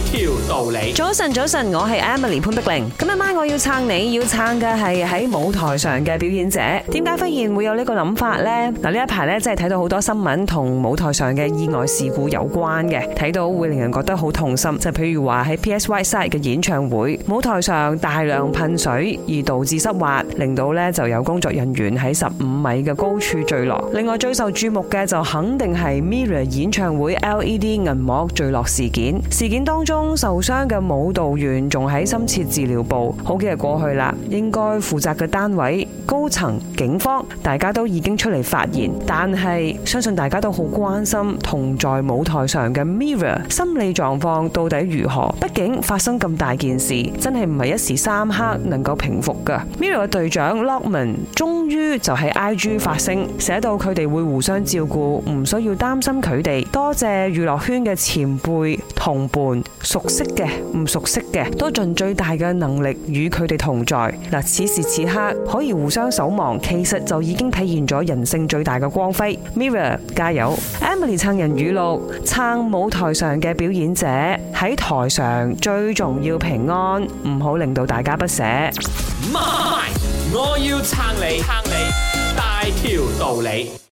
條道理。早晨，早晨，我係 Emily 潘碧玲。咁今晚我要撐你，要撐嘅係喺舞台上嘅表演者。點解忽然會有呢個諗法呢？嗱，呢一排咧真係睇到好多新聞同舞台上嘅意外事故有關嘅，睇到會令人覺得好痛心。就是，譬如話喺 PSY Site 嘅演唱會，舞台上大量噴水而導致濕滑，令到咧就有工作人員喺十五米嘅高處墜落。另外最受注目嘅就肯定係 Mirror 演唱會 LED 銀幕墜落事件。事件當中受傷嘅舞蹈員仲喺深切治療部，好幾日過去啦。應該負責嘅單位、高層、警方，大家都已經出嚟發言。但係相信大家都好關心同在舞台上嘅 MIRROR 心理狀況到底如何。畢竟發生咁大件事，真係唔係一時三刻能夠平復噶。MIRROR 嘅隊長 Lokman、ok、終於就喺 IG 發聲，寫到佢哋會互相照顧，唔需要擔心佢哋。多謝娛樂圈嘅前輩同伴。熟悉嘅，唔熟悉嘅，都盡最大嘅能力與佢哋同在。嗱，此時此刻可以互相守望，其實就已經體現咗人性最大嘅光輝。MIRROR 加油，Emily 撐人語錄，撐舞台上嘅表演者喺台上最重要平安，唔好令到大家不捨。媽咪，我要撐你，撐你大條道理。